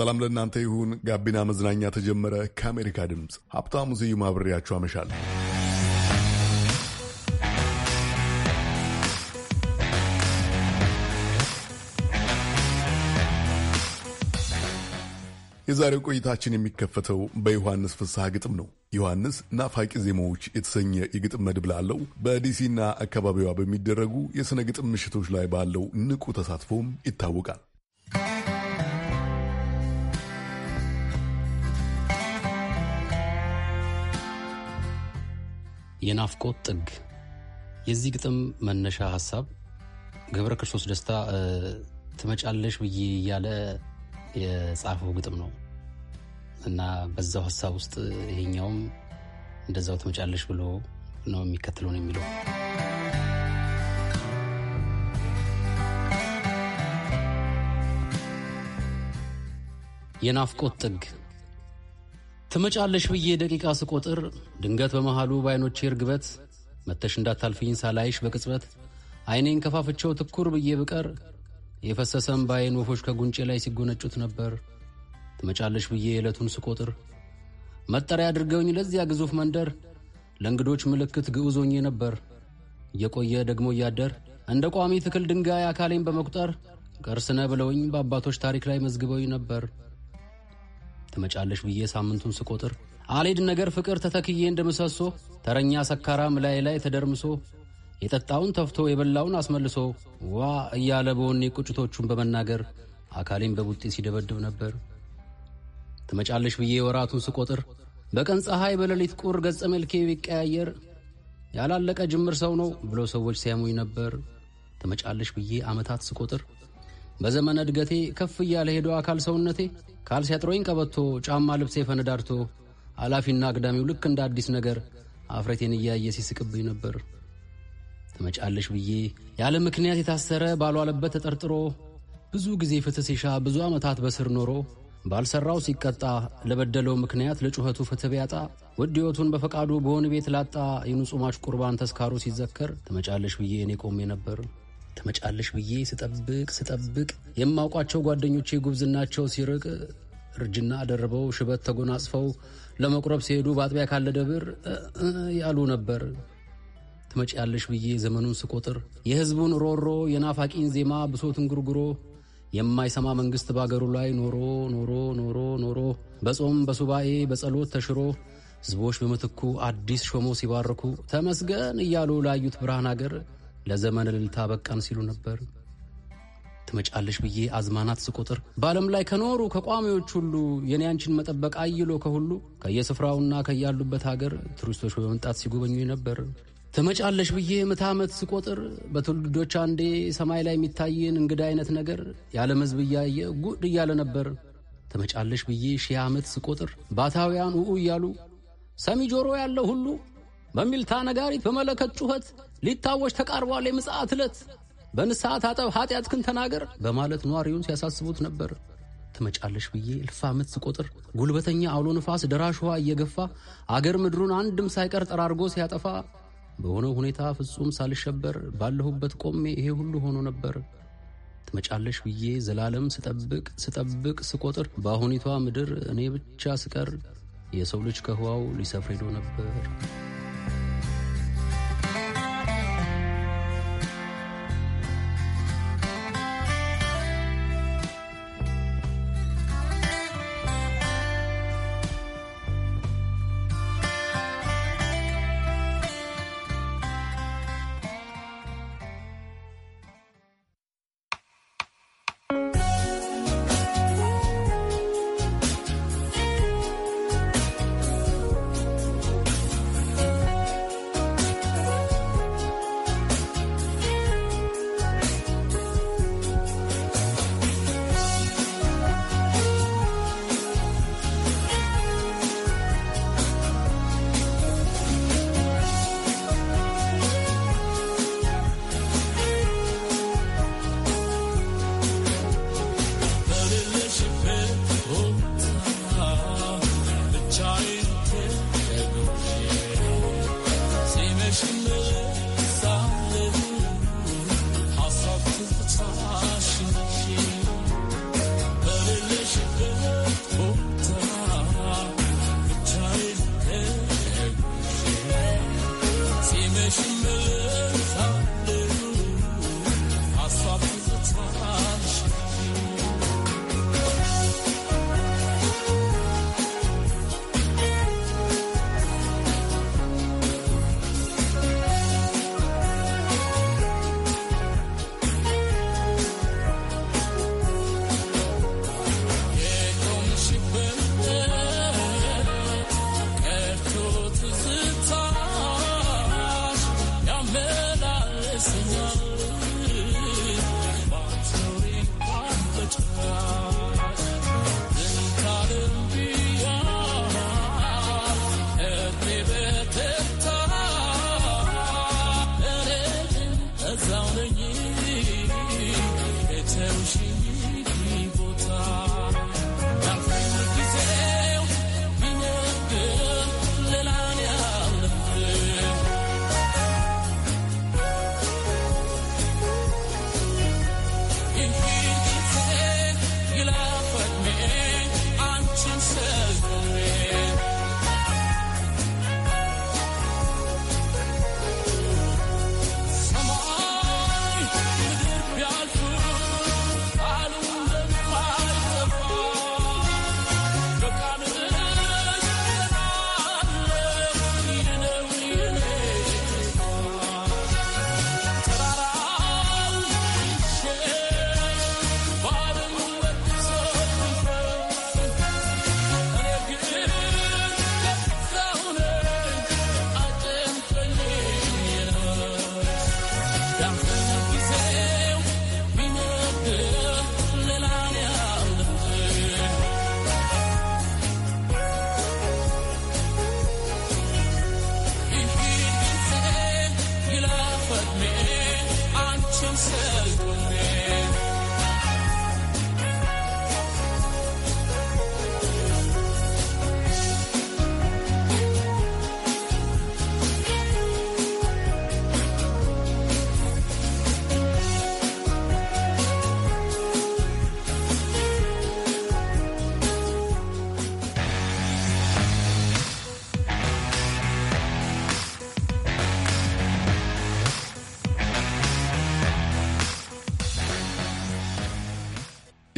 ሰላም ለእናንተ ይሁን። ጋቢና መዝናኛ ተጀመረ። ከአሜሪካ ድምፅ ሀብታሙ ስዩም አብሬያችሁ አመሻለሁ። የዛሬው ቆይታችን የሚከፈተው በዮሐንስ ፍስሐ ግጥም ነው። ዮሐንስ ናፋቂ ዜማዎች የተሰኘ የግጥም መድብል አለው። በዲሲና አካባቢዋ በሚደረጉ የሥነ ግጥም ምሽቶች ላይ ባለው ንቁ ተሳትፎም ይታወቃል። የናፍቆት ጥግ የዚህ ግጥም መነሻ ሀሳብ ገብረ ክርስቶስ ደስታ ትመጫለሽ ብዬ እያለ የጻፈው ግጥም ነው እና በዛው ሀሳብ ውስጥ ይሄኛውም እንደዛው ትመጫለሽ ብሎ ነው የሚከትለውን ነው የሚለው የናፍቆት ጥግ ትመጫለሽ ብዬ ደቂቃ ስቆጥር ድንገት በመሃሉ በአይኖቼ እርግበት መተሽ እንዳታልፍኝ ሳላይሽ በቅጽበት ዐይኔን ከፋፍቸው ትኩር ብዬ ብቀር የፈሰሰም በአይን ወፎች ከጉንጬ ላይ ሲጎነጩት ነበር። ትመጫለሽ ብዬ የዕለቱን ስቆጥር መጠሪያ አድርገውኝ ለዚያ ግዙፍ መንደር ለእንግዶች ምልክት ግዑዞኜ ነበር። እየቆየ ደግሞ እያደር እንደ ቋሚ ትክል ድንጋይ አካሌን በመቁጠር ቀርስነ ብለውኝ በአባቶች ታሪክ ላይ መዝግበውኝ ነበር። ትመጫለሽ ብዬ ሳምንቱን ስቆጥር አልሄድ ነገር ፍቅር ተተክዬ እንደምሰሶ ተረኛ ሰካራም ላይ ላይ ተደርምሶ የጠጣውን ተፍቶ የበላውን አስመልሶ ዋ እያለ በወኔ ቁጭቶቹን በመናገር አካሌን በቡጤ ሲደበድብ ነበር። ትመጫለሽ ብዬ ወራቱን ስቆጥር በቀን ፀሐይ በሌሊት ቁር ገጸ መልኬ ቢቀያየር ያላለቀ ጅምር ሰው ነው ብሎ ሰዎች ሲያሙኝ ነበር። ትመጫለሽ ብዬ ዓመታት ስቆጥር በዘመነ እድገቴ ከፍ እያለ ሄዶ አካል ሰውነቴ ካልሲ አጥሮኝ ቀበቶ ጫማ ልብሴ ፈነዳርቶ ኃላፊና አግዳሚው ልክ እንደ አዲስ ነገር አፍረቴን እያየ ሲስቅብኝ ነበር። ትመጫለሽ ብዬ ያለ ምክንያት የታሰረ ባልዋለበት ተጠርጥሮ ብዙ ጊዜ ፍትሕ ሲሻ ብዙ ዓመታት በስር ኖሮ ባልሠራው ሲቀጣ ለበደለው ምክንያት ለጩኸቱ ፍትሕ ቢያጣ ውድ ሕይወቱን በፈቃዱ በሆን ቤት ላጣ የንጹማች ቁርባን ተስካሩ ሲዘከር ትመጫለሽ ብዬ እኔ ቆሜ ነበር። ትመጫለሽ ብዬ ስጠብቅ ስጠብቅ የማውቋቸው ጓደኞቼ ጉብዝናቸው ሲርቅ እርጅና ደርበው ሽበት ተጎናጽፈው ለመቁረብ ሲሄዱ በአጥቢያ ካለ ደብር ያሉ ነበር። ትመጪያለሽ ብዬ ዘመኑን ስቆጥር የሕዝቡን ሮሮ፣ የናፋቂን ዜማ፣ ብሶትን ግርግሮ የማይሰማ መንግሥት በአገሩ ላይ ኖሮ ኖሮ ኖሮ ኖሮ በጾም በሱባኤ በጸሎት ተሽሮ ሕዝቦች በምትኩ አዲስ ሾሞ ሲባርኩ ተመስገን እያሉ ላዩት ብርሃን አገር ለዘመን ልልታ በቃን ሲሉ ነበር። ትመጫለሽ ብዬ አዝማናት ስቆጥር በዓለም ላይ ከኖሩ ከቋሚዎች ሁሉ የኔ አንቺን መጠበቅ አይሎ ከሁሉ ከየስፍራውና ከያሉበት ሀገር ቱሪስቶች በመምጣት ሲጎበኙ ነበር። ትመጫለሽ ብዬ ምዕተ ዓመት ስቆጥር በትውልዶች አንዴ ሰማይ ላይ የሚታይን እንግዳ አይነት ነገር የዓለም ሕዝብ እያየ ጉድ እያለ ነበር። ትመጫለሽ ብዬ ሺህ ዓመት ስቆጥር ባታውያን ውኡ እያሉ ሰሚ ጆሮ ያለው ሁሉ በሚልታ ነጋሪት በመለከት ጩኸት ሊታወሽ ተቃርቧል የምጽአት ዕለት በንስሐ ታጠብ ኃጢአትክን ተናገር በማለት ነዋሪውን ሲያሳስቡት ነበር። ትመጫለሽ ብዬ እልፍ ዓመት ስቆጥር ጉልበተኛ አውሎ ንፋስ ደራሽ ውሃ እየገፋ አገር ምድሩን አንድም ሳይቀር ጠራርጎ ሲያጠፋ በሆነው ሁኔታ ፍጹም ሳልሸበር ባለሁበት ቆሜ ይሄ ሁሉ ሆኖ ነበር። ትመጫለሽ ብዬ ዘላለም ስጠብቅ ስጠብቅ ስቆጥር በአሁኒቷ ምድር እኔ ብቻ ስቀር የሰው ልጅ ከህዋው ሊሰፍሬዶ ነበር።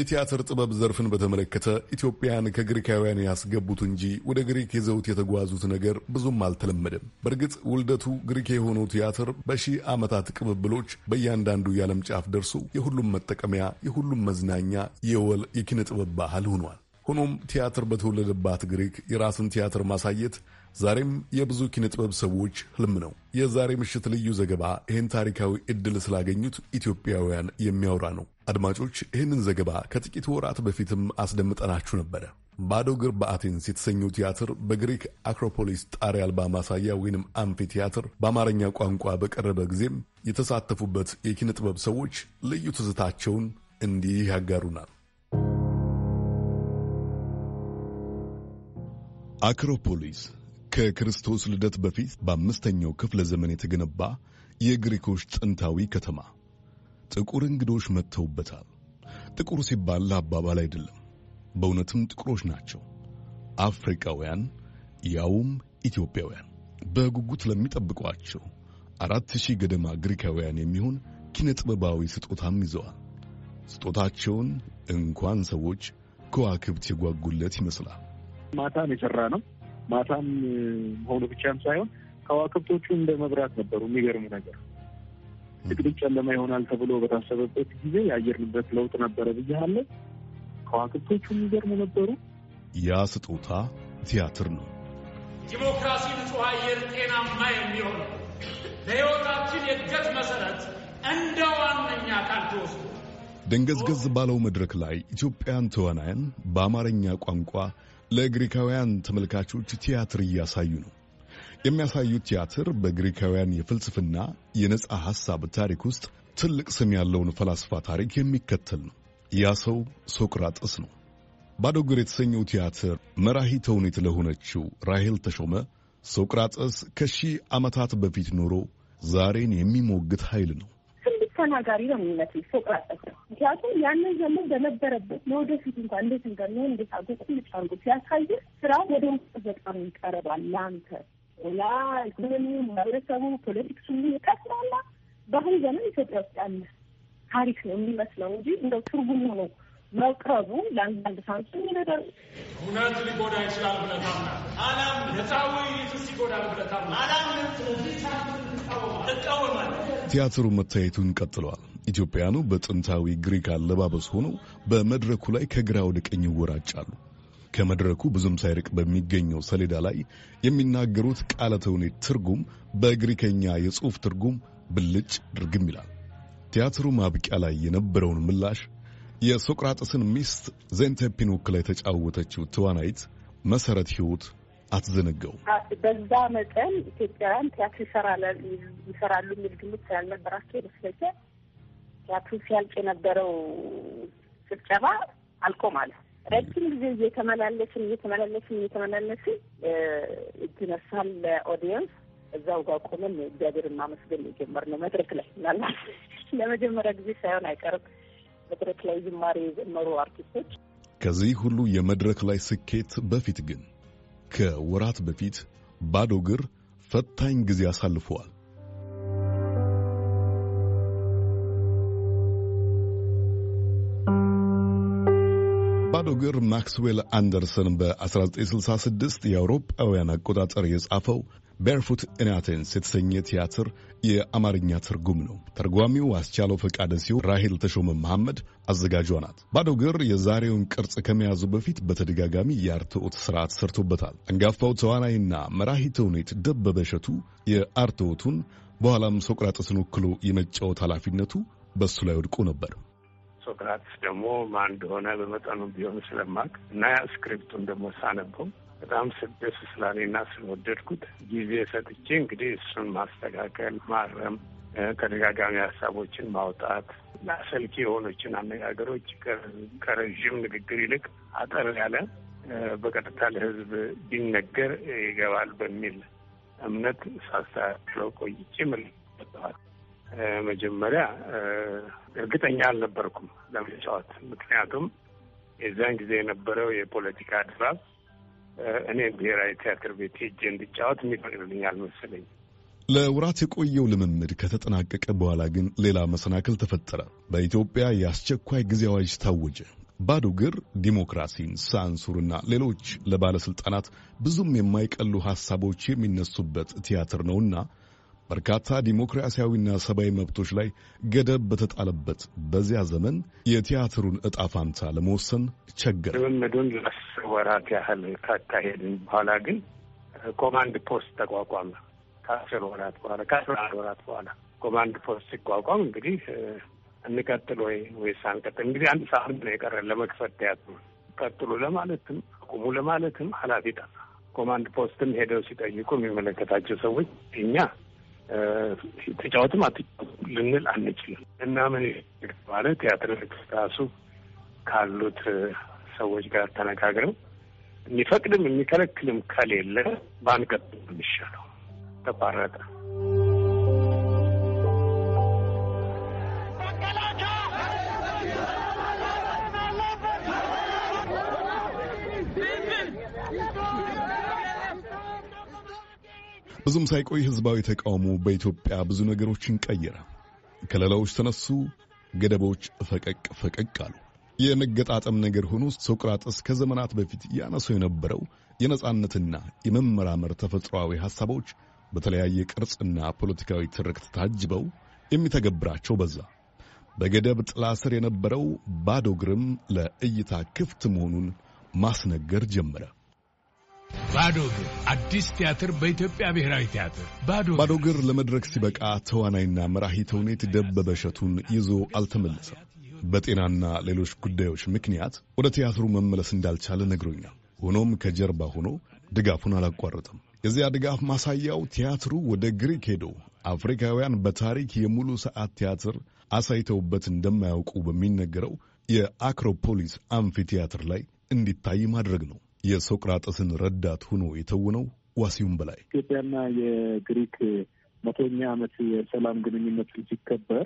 የቲያትር ጥበብ ዘርፍን በተመለከተ ኢትዮጵያን ከግሪካውያን ያስገቡት እንጂ ወደ ግሪክ ይዘውት የተጓዙት ነገር ብዙም አልተለመደም። በእርግጥ ውልደቱ ግሪክ የሆነው ቲያትር በሺህ ዓመታት ቅብብሎች በእያንዳንዱ የዓለም ጫፍ ደርሶ የሁሉም መጠቀሚያ፣ የሁሉም መዝናኛ የወል የኪነ ጥበብ ባህል ሆኗል። ሆኖም ቲያትር በተወለደባት ግሪክ የራስን ቲያትር ማሳየት ዛሬም የብዙ ኪነ ጥበብ ሰዎች ህልም ነው። የዛሬ ምሽት ልዩ ዘገባ ይህን ታሪካዊ ዕድል ስላገኙት ኢትዮጵያውያን የሚያወራ ነው። አድማጮች፣ ይህንን ዘገባ ከጥቂት ወራት በፊትም አስደምጠናችሁ ነበረ። ባዶ እግር በአቴንስ የተሰኘው ቲያትር በግሪክ አክሮፖሊስ ጣሪያ አልባ ማሳያ ወይንም አምፊ ቲያትር በአማርኛ ቋንቋ በቀረበ ጊዜም የተሳተፉበት የኪነ ጥበብ ሰዎች ልዩ ትዝታቸውን እንዲህ ያጋሩናል። አክሮፖሊስ ከክርስቶስ ልደት በፊት በአምስተኛው ክፍለ ዘመን የተገነባ የግሪኮች ጥንታዊ ከተማ። ጥቁር እንግዶች መጥተውበታል። ጥቁር ሲባል ለአባባል አይደለም፣ በእውነትም ጥቁሮች ናቸው። አፍሪካውያን ያውም ኢትዮጵያውያን በጉጉት ለሚጠብቋቸው አራት ሺህ ገደማ ግሪካውያን የሚሆን ኪነ ጥበባዊ ስጦታም ይዘዋል። ስጦታቸውን እንኳን ሰዎች ከዋክብት የጓጉለት ይመስላል። ማታን የሠራ ነው ማታም መሆኑ ብቻም ሳይሆን ከዋክብቶቹ እንደ መብራት ነበሩ። የሚገርም ነገር ድቅድቅ ጨለማ ይሆናል ተብሎ በታሰበበት ጊዜ የአየር ንብረት ለውጥ ነበረ ብያለሁ። ከዋክብቶቹ የሚገርሙ ነበሩ። ያ ስጦታ ቲያትር ነው። ዲሞክራሲ፣ ንጹህ አየር፣ ጤናማ የሚሆን ለሕይወታችን የእድገት መሰረት እንደ ዋነኛ አካል ተወስዶ ደንገዝገዝ ባለው መድረክ ላይ ኢትዮጵያን ተዋናያን በአማርኛ ቋንቋ ለግሪካውያን ተመልካቾች ቲያትር እያሳዩ ነው። የሚያሳዩት ቲያትር በግሪካውያን የፍልስፍና የነፃ ሐሳብ ታሪክ ውስጥ ትልቅ ስም ያለውን ፈላስፋ ታሪክ የሚከተል ነው። ያ ሰው ሶቅራጥስ ነው። ባዶ እግር የተሰኘው ቲያትር መራሂ ተውኔት ለሆነችው ራሄል ተሾመ ሶቅራጥስ ከሺህ ዓመታት በፊት ኖሮ ዛሬን የሚሞግት ኃይል ነው። ተናጋሪ ነው የሚመስል ፎቅራጠፍ ነው። ምክንያቱም ያንን ዘመን በነበረበት ለወደፊት እንኳን እንዴት እንደሚሆን እንዴት አጎ ትልጭ አርጎ ሲያሳይህ ስራ ወደ ውስጥ በጣም ይቀርባል። ለአንተ ላ ኢኮኖሚ፣ ማህበረሰቡ፣ ፖለቲክሱ ይቀጥላላ። በአሁን ዘመን ኢትዮጵያ ውስጥ ያለ ታሪክ ነው የሚመስለው እንጂ እንደው ትርጉም ነው መቅረቡ ለአንዳንድ ሳንሱ የሚነገር እውነት ሊጎዳ ይችላል ብለታምና አላም ነፃ ውይይትስ ይጎዳል ብለታምና አላም ቲያትሩ መታየቱን ቀጥለዋል። ኢትዮጵያኑ በጥንታዊ ግሪክ አለባበስ ሆነው በመድረኩ ላይ ከግራ ወደ ቀኝ ይወራጫሉ። ከመድረኩ ብዙም ሳይርቅ በሚገኘው ሰሌዳ ላይ የሚናገሩት ቃለ ተውኔት ትርጉም በግሪከኛ የጽሑፍ ትርጉም ብልጭ ድርግም ይላል። ቲያትሩ ማብቂያ ላይ የነበረውን ምላሽ የሶቅራጥስን ሚስት ዜንቴፒን ወክላ የተጫወተችው ትዋናይት መሰረት ህይወት አትዘነጋው። በዛ መጠን ኢትዮጵያውያን ቲያትር ይሰራሉ የሚል ግምት ስላልነበራቸው ይመስለኛል ቲያትሩ ሲያልቅ የነበረው ጭብጨባ አልቆ ማለት ረጅም ጊዜ እየተመላለስን እየተመላለስን እየተመላለስን እጅ ለኦዲየንስ እዛው ጋር ቆመን እግዚአብሔር ማመስገን የጀመርነው መድረክ ላይ ምናልባት ለመጀመሪያ ጊዜ ሳይሆን አይቀርም። መድረክ ላይ ዝማሬ የዘመሩ አርቲስቶች። ከዚህ ሁሉ የመድረክ ላይ ስኬት በፊት ግን ከወራት በፊት ባዶ እግር ፈታኝ ጊዜ አሳልፈዋል። ባዶ እግር ማክስዌል አንደርሰን በ1966 የአውሮፓውያን አቆጣጠር የጻፈው ቤርፉት ኢን አቴንስ የተሰኘ ቲያትር የአማርኛ ትርጉም ነው። ተርጓሚው አስቻለው ፈቃደ ሲሆን ራሄል ተሾመ መሐመድ አዘጋጇ ናት። ባዶ እግር የዛሬውን ቅርጽ ከመያዙ በፊት በተደጋጋሚ የአርትዖት ስርዓት ሰርቶበታል። አንጋፋው ተዋናይና መራሂ ተውኔት ደበበ እሸቱ የአርትዖቱን በኋላም ሶቅራጥስን ወክሎ የመጫወት ኃላፊነቱ በእሱ ላይ ወድቆ ነበር። ብራት ደግሞ ማን እንደሆነ በመጠኑ ቢሆን ስለማቅ እና ስክሪፕቱን ደግሞ ሳነበው በጣም ስደስ ስላለና ስለወደድኩት ጊዜ ሰጥቼ እንግዲህ እሱን ማስተካከል፣ ማረም፣ ተደጋጋሚ ሀሳቦችን ማውጣት ለአሰልቺ የሆኖችን አነጋገሮች ከረዥም ንግግር ይልቅ አጠር ያለ በቀጥታ ለህዝብ ቢነገር ይገባል በሚል እምነት ሳስተካክለው ቆይቼ ምን መጀመሪያ እርግጠኛ አልነበርኩም ለመጫወት። ምክንያቱም የዛን ጊዜ የነበረው የፖለቲካ ድባብ እኔ ብሔራዊ ቲያትር ቤት ሄጄ እንድጫወት የሚፈቅድልኝ አልመሰለኝ። ለውራት የቆየው ልምምድ ከተጠናቀቀ በኋላ ግን ሌላ መሰናክል ተፈጠረ። በኢትዮጵያ የአስቸኳይ ጊዜ አዋጅ ታወጀ። ባዶ ግር ዲሞክራሲን፣ ሳንሱርና ሌሎች ለባለሥልጣናት ብዙም የማይቀሉ ሐሳቦች የሚነሱበት ቲያትር ነውና በርካታ ዲሞክራሲያዊና ሰብአዊ መብቶች ላይ ገደብ በተጣለበት በዚያ ዘመን የቲያትሩን እጣ ፋንታ ለመወሰን ቸገር ልምምዱን ለአስር ወራት ያህል ካካሄድን በኋላ ግን ኮማንድ ፖስት ተቋቋመ። ከአስር ወራት በኋላ ከአስራ አንድ ወራት በኋላ ኮማንድ ፖስት ሲቋቋም እንግዲህ እንቀጥል ወይ ወይስ አንቀጥል? እንግዲህ አንድ ሳምንት ነው የቀረን ለመክፈት ቲያትሩ። ቀጥሉ ለማለትም አቁሙ ለማለትም ኃላፊ ጠፋ። ኮማንድ ፖስትም ሄደው ሲጠይቁ የሚመለከታቸው ሰዎች እኛ ተጫወትም አትጫወትም ልንል አንችልም። እና ምን ማለት ቲያትር ራሱ ካሉት ሰዎች ጋር ተነጋግረው የሚፈቅድም የሚከለክልም ከሌለ ባንቀጥል ይሻለው። ተቋረጠ። ብዙም ሳይቆይ ህዝባዊ ተቃውሞ በኢትዮጵያ ብዙ ነገሮችን ቀየረ። ከለላዎች ተነሱ፣ ገደቦች ፈቀቅ ፈቀቅ አሉ። የመገጣጠም ነገር ሆኖ ሶቅራጥስ ከዘመናት በፊት ያነሰው የነበረው የነጻነትና የመመራመር ተፈጥሯዊ ሐሳቦች በተለያየ ቅርጽና ፖለቲካዊ ትርክት ታጅበው የሚተገብራቸው በዛ። በገደብ ጥላ ስር የነበረው ባዶ እግርም ለእይታ ክፍት መሆኑን ማስነገር ጀመረ። ባዶ እግር አዲስ ቲያትር በኢትዮጵያ ብሔራዊ ቲያትር። ባዶ እግር ለመድረክ ሲበቃ ተዋናይና መራሂ ተውኔት ደበበ እሸቱን ይዞ አልተመለሰም። በጤናና ሌሎች ጉዳዮች ምክንያት ወደ ቲያትሩ መመለስ እንዳልቻለ ነግሮኛል። ሆኖም ከጀርባ ሆኖ ድጋፉን አላቋረጠም። የዚያ ድጋፍ ማሳያው ቲያትሩ ወደ ግሪክ ሄዶ አፍሪካውያን በታሪክ የሙሉ ሰዓት ቲያትር አሳይተውበት እንደማያውቁ በሚነገረው የአክሮፖሊስ አምፊቲያትር ላይ እንዲታይ ማድረግ ነው። የሶቅራጠስን ረዳት ሆኖ የተውነው ዋሲውን በላይ ኢትዮጵያና የግሪክ መቶኛ ዓመት የሰላም ግንኙነት ሲከበር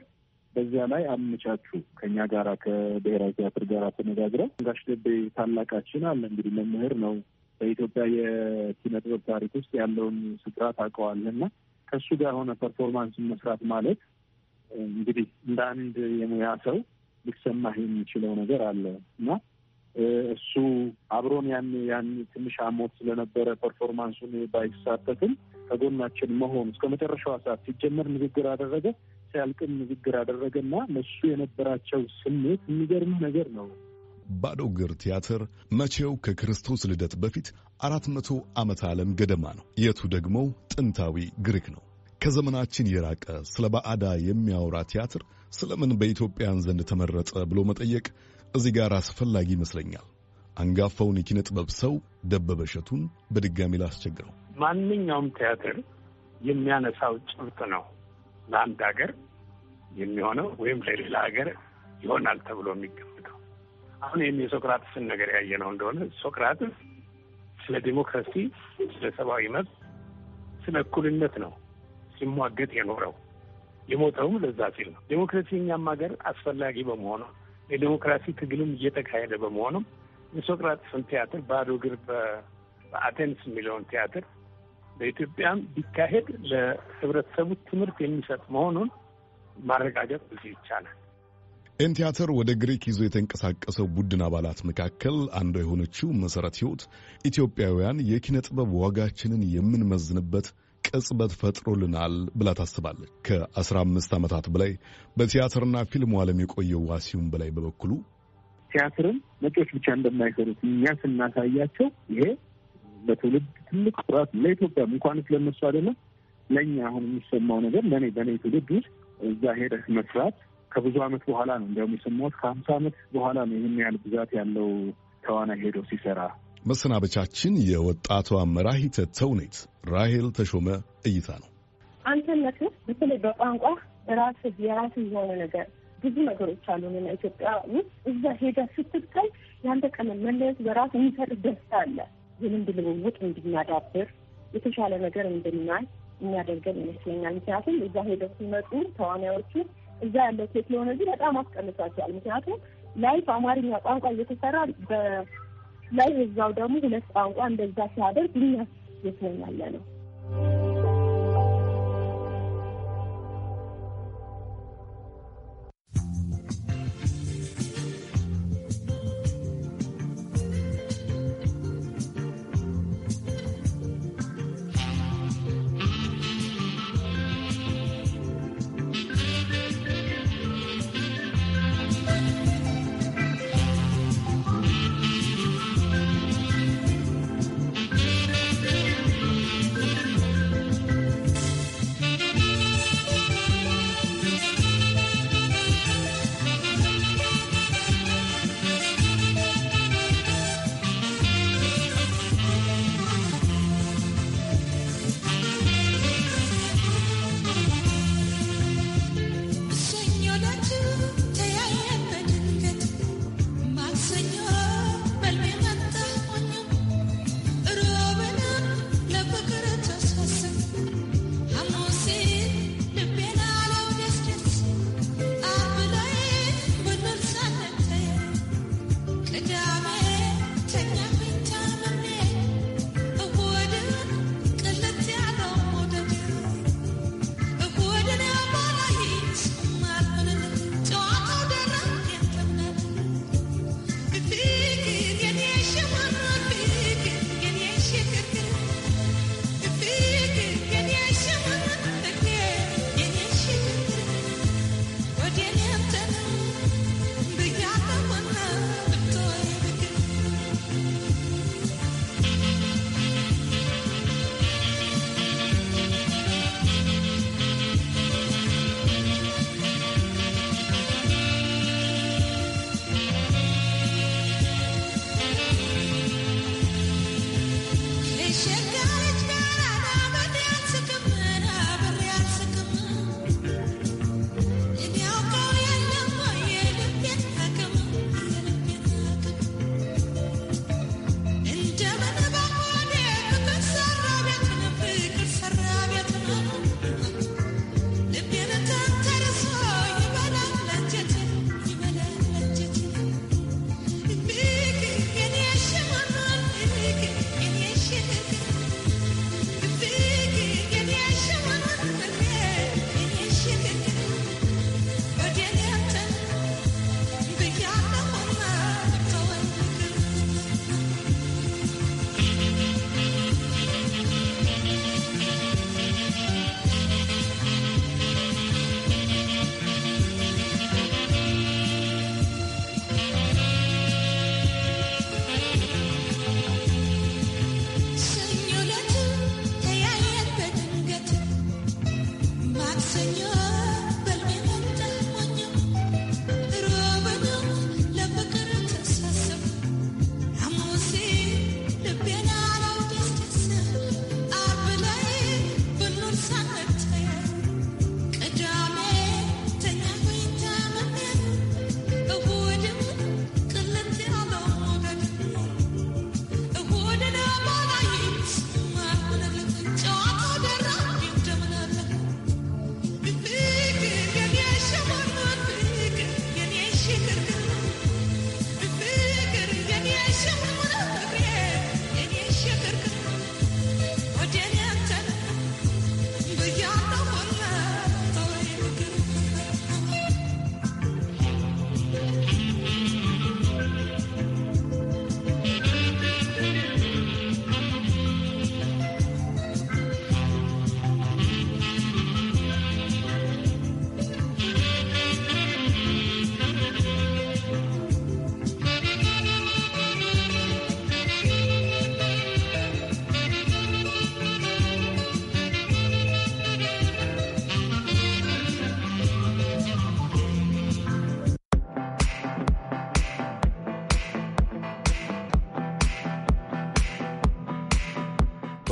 በዚያ ላይ አመቻቹ ከኛ ጋር ከብሔራዊ ቲያትር ጋር ተነጋግረው ጋሽ ደቤ ታላቃችን አለ እንግዲህ መምህር ነው። በኢትዮጵያ የኪነ ታሪክ ውስጥ ያለውን ስፍራ ታውቀዋለህ እና ከእሱ ጋር የሆነ ፐርፎርማንስ መስራት ማለት እንግዲህ እንደ አንድ የሙያ ሰው ሊሰማህ የሚችለው ነገር አለ እና እሱ አብሮን ያን ያን ትንሽ አሞት ስለነበረ ፐርፎርማንሱን ባይሳተፍም ከጎናችን መሆኑ እስከ መጨረሻዋ ሰዓት ሲጀመር ንግግር አደረገ፣ ሲያልቅም ንግግር አደረገ ና ለሱ የነበራቸው ስሜት የሚገርም ነገር ነው። ባዶ እግር ቲያትር መቼው ከክርስቶስ ልደት በፊት አራት መቶ ዓመት ዓለም ገደማ ነው። የቱ ደግሞ ጥንታዊ ግሪክ ነው። ከዘመናችን የራቀ ስለ ባዕዳ የሚያወራ ቲያትር ስለምን በኢትዮጵያን ዘንድ ተመረጠ ብሎ መጠየቅ እዚህ ጋር አስፈላጊ ይመስለኛል። አንጋፋውን የኪነ ጥበብ ሰው ደበበ እሸቱን በድጋሚ ላስቸግረው። ማንኛውም ቲያትር የሚያነሳው ጭብጥ ነው ለአንድ ሀገር የሚሆነው ወይም ለሌላ ሀገር ይሆናል ተብሎ የሚገምተው። አሁን ይህም የሶቅራጥስን ነገር ያየነው እንደሆነ ሶቅራጥስ ስለ ዲሞክራሲ፣ ስለ ሰብአዊ መብት፣ ስለ እኩልነት ነው ሲሟገት የኖረው። የሞተውም ለዛ ሲል ነው። ዲሞክራሲ እኛም ሀገር አስፈላጊ በመሆኑ የዲሞክራሲ ትግልም እየተካሄደ በመሆኑም የሶቅራጥስን ቲያትር ባዶ እግር በአቴንስ የሚለውን ቲያትር በኢትዮጵያም ቢካሄድ ለህብረተሰቡ ትምህርት የሚሰጥ መሆኑን ማረጋገጥ እዚህ ይቻላል። ኤን ቲያትር ወደ ግሪክ ይዞ የተንቀሳቀሰው ቡድን አባላት መካከል አንዷ የሆነችው መሠረት ህይወት ኢትዮጵያውያን የኪነ ጥበብ ዋጋችንን የምንመዝንበት ቅጽበት ፈጥሮልናል ብላ ታስባለች። ከ15 ዓመታት በላይ በቲያትርና ፊልሙ ዓለም የቆየው ዋሲሁን በላይ በበኩሉ ቲያትርን ነጮች ብቻ እንደማይሰሩት እኛ ስናሳያቸው ይሄ በትውልድ ትልቅ ኩራት ለኢትዮጵያም እንኳን ስለነሱ አይደለም ለእኛ አሁን የሚሰማው ነገር ለእኔ በእኔ ትውልድ ውስጥ እዛ ሄደህ መስራት ከብዙ ዓመት በኋላ ነው እንዲያውም የሰማሁት ከሀምሳ ዓመት በኋላ ነው ይህን ያህል ብዛት ያለው ተዋናይ ሄዶ ሲሰራ መሰናበቻችን የወጣቷ መራሂተ ተውኔት ራሄል ተሾመ እይታ ነው። አንተነትህ በተለይ በቋንቋ ራስ የራስ የሆነ ነገር ብዙ ነገሮች አሉ ኢትዮጵያ ውስጥ እዛ ሄደህ ስትታይ ያንተ ቀለም መለየት በራሱ የሚሰጥ ደስታ አለ። የልምድ ልውውጥ እንድናዳብር የተሻለ ነገር እንድናይ የሚያደርገን ይመስለኛል። ምክንያቱም እዛ ሄደው ሲመጡ ተዋናዮቹ እዛ ያለው ቴክኖሎጂ በጣም አስቀንሷቸዋል። ምክንያቱም ላይፍ አማርኛ ቋንቋ እየተሰራ ላይ እዛው ደግሞ ሁለት ቋንቋ እንደዛ ሲያደርግ እኛ የተኛለ ነው።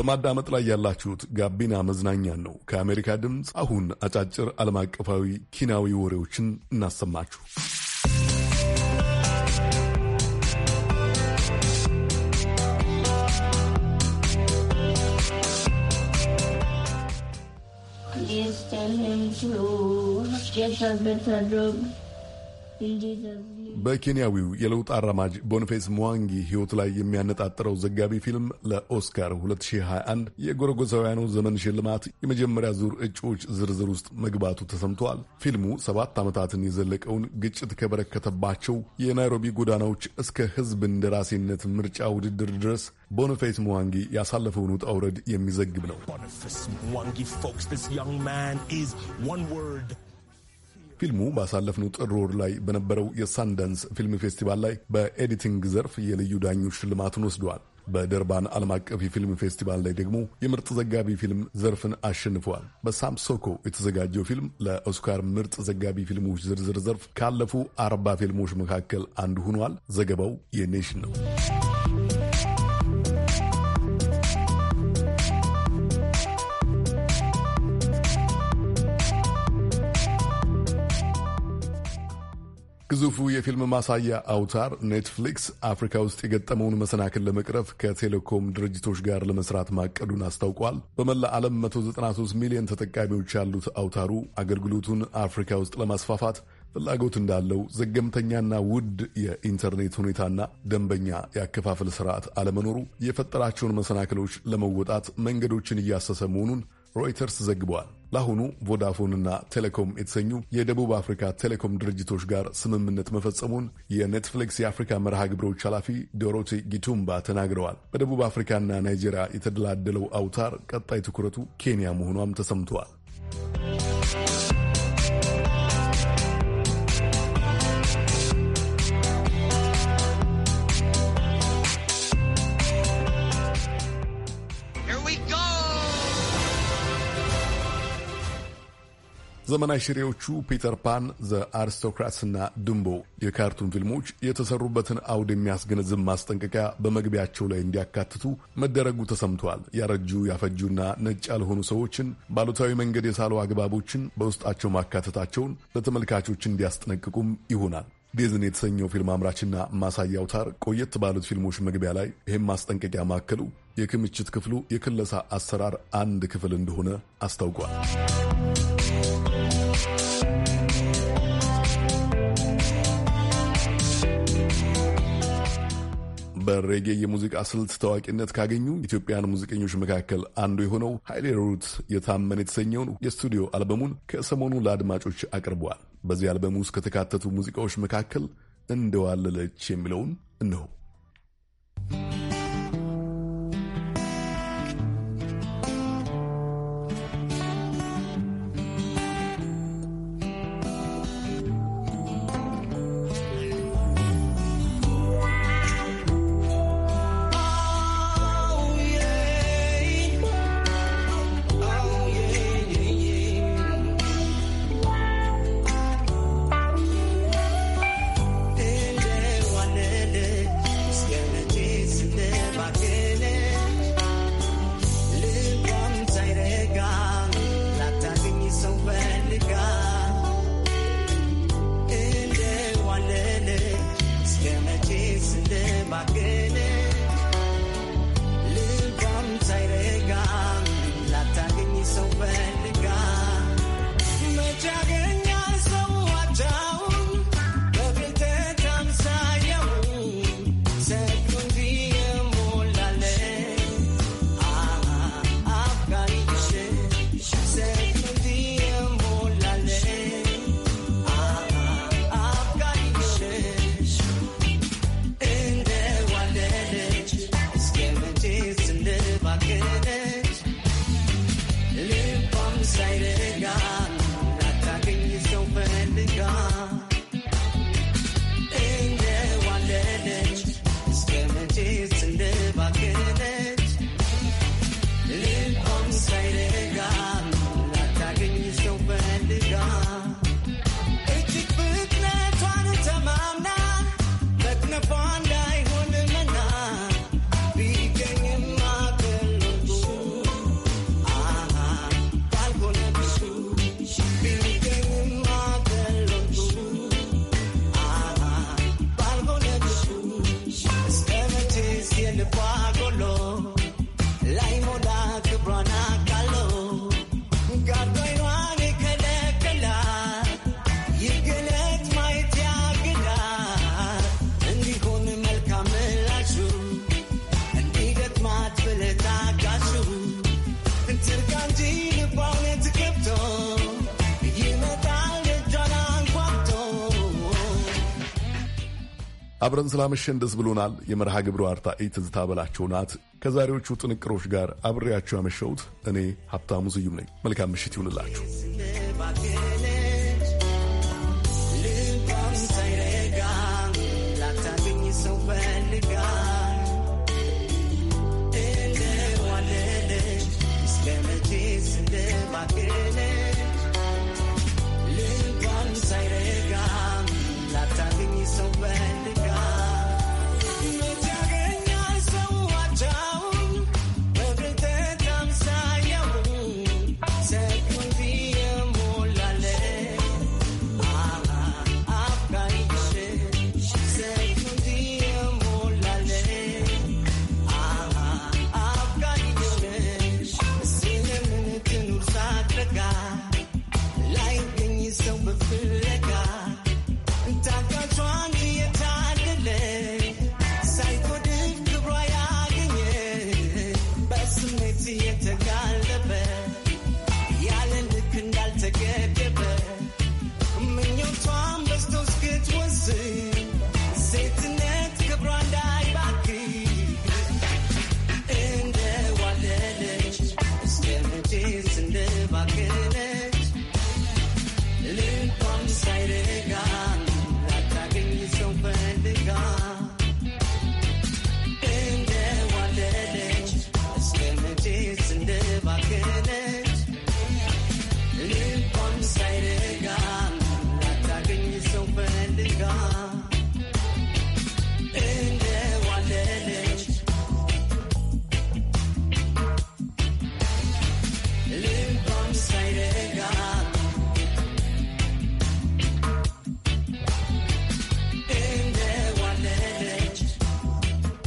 በማዳመጥ ላይ ያላችሁት ጋቢና መዝናኛ ነው። ከአሜሪካ ድምፅ አሁን አጫጭር ዓለም አቀፋዊ ኪናዊ ወሬዎችን እናሰማችሁ። Yes, tell በኬንያዊው የለውጥ አራማጅ ቦኒፌስ ሙዋንጊ ሕይወት ላይ የሚያነጣጥረው ዘጋቢ ፊልም ለኦስካር 2021 የጎረጎሳውያኑ ዘመን ሽልማት የመጀመሪያ ዙር እጩዎች ዝርዝር ውስጥ መግባቱ ተሰምተዋል። ፊልሙ ሰባት ዓመታትን የዘለቀውን ግጭት ከበረከተባቸው የናይሮቢ ጎዳናዎች እስከ ሕዝብ እንደራሴነት ምርጫ ውድድር ድረስ ቦኒፌስ ሙዋንጊ ያሳለፈውን ውጣ ውረድ የሚዘግብ ነው። ፊልሙ ባሳለፍነው ጥር ወር ላይ በነበረው የሳንዳንስ ፊልም ፌስቲቫል ላይ በኤዲቲንግ ዘርፍ የልዩ ዳኞች ሽልማቱን ወስደዋል። በደርባን ዓለም አቀፍ የፊልም ፌስቲቫል ላይ ደግሞ የምርጥ ዘጋቢ ፊልም ዘርፍን አሸንፈዋል። ሶኮ የተዘጋጀው ፊልም ለኦስካር ምርጥ ዘጋቢ ፊልሞች ዝርዝር ዘርፍ ካለፉ አርባ ፊልሞች መካከል አንዱ ሆኗል። ዘገባው የኔሽን ነው። ግዙፉ የፊልም ማሳያ አውታር ኔትፍሊክስ አፍሪካ ውስጥ የገጠመውን መሰናክል ለመቅረፍ ከቴሌኮም ድርጅቶች ጋር ለመስራት ማቀዱን አስታውቋል። በመላ ዓለም 193 ሚሊዮን ተጠቃሚዎች ያሉት አውታሩ አገልግሎቱን አፍሪካ ውስጥ ለማስፋፋት ፍላጎት እንዳለው ዘገምተኛና ውድ የኢንተርኔት ሁኔታና ደንበኛ የአከፋፈል ስርዓት አለመኖሩ የፈጠራቸውን መሰናክሎች ለመወጣት መንገዶችን እያሰሰ መሆኑን ሮይተርስ ዘግበዋል። ለአሁኑ ቮዳፎንና ቴሌኮም የተሰኙ የደቡብ አፍሪካ ቴሌኮም ድርጅቶች ጋር ስምምነት መፈጸሙን የኔትፍሊክስ የአፍሪካ መርሃ ግብሮች ኃላፊ ዶሮቴ ጊቱምባ ተናግረዋል። በደቡብ አፍሪካና ናይጄሪያ የተደላደለው አውታር ቀጣይ ትኩረቱ ኬንያ መሆኗም ተሰምተዋል። ዘመናዊ ሽሬዎቹ ፒተር ፓን፣ ዘ አሪስቶክራትስ እና ድምቦ የካርቱን ፊልሞች የተሰሩበትን አውድ የሚያስገነዝብ ማስጠንቀቂያ በመግቢያቸው ላይ እንዲያካትቱ መደረጉ ተሰምተዋል። ያረጁ ያፈጁና ነጭ ያልሆኑ ሰዎችን ባሉታዊ መንገድ የሳሉ አግባቦችን በውስጣቸው ማካተታቸውን ለተመልካቾች እንዲያስጠነቅቁም ይሆናል። ዴዝን የተሰኘው ፊልም አምራችና ማሳያ አውታር ቆየት ባሉት ፊልሞች መግቢያ ላይ ይህም ማስጠንቀቂያ ማዕከሉ የክምችት ክፍሉ የክለሳ አሰራር አንድ ክፍል እንደሆነ አስታውቋል። በሬጌ የሙዚቃ ስልት ታዋቂነት ካገኙ ኢትዮጵያን ሙዚቀኞች መካከል አንዱ የሆነው ሀይሌ ሩት የታመን የተሰኘውን የስቱዲዮ አልበሙን ከሰሞኑ ለአድማጮች አቅርበዋል። በዚህ አልበሙ ውስጥ ከተካተቱ ሙዚቃዎች መካከል እንደዋለለች የሚለውን እነሆ። አብረን ስላመሸን ደስ ብሎናል። የመርሃ ግብሩ አርታኢ ትዝታ በላቸው ናት። ከዛሬዎቹ ጥንቅሮች ጋር አብሬያቸው ያመሸሁት እኔ ሀብታሙ ስዩም ነኝ። መልካም ምሽት ይሁንላችሁ።